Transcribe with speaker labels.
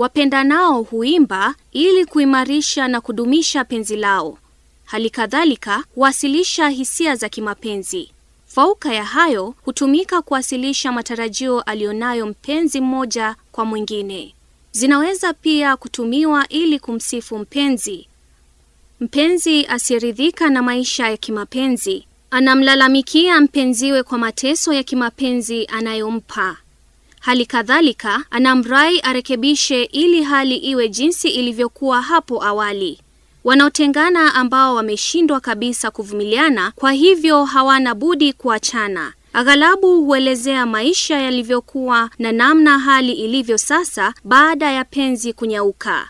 Speaker 1: wapenda nao huimba ili kuimarisha na kudumisha penzi lao. Hali kadhalika huwasilisha hisia za kimapenzi. Fauka ya hayo, hutumika kuwasilisha matarajio aliyonayo mpenzi mmoja kwa mwingine. Zinaweza pia kutumiwa ili kumsifu mpenzi. Mpenzi asiyeridhika na maisha ya kimapenzi anamlalamikia mpenziwe kwa mateso ya kimapenzi anayompa. Hali kadhalika anamrai arekebishe ili hali iwe jinsi ilivyokuwa hapo awali. Wanaotengana ambao wameshindwa kabisa kuvumiliana, kwa hivyo hawana budi kuachana. Aghalabu huelezea maisha yalivyokuwa na namna hali ilivyo sasa baada
Speaker 2: ya penzi kunyauka.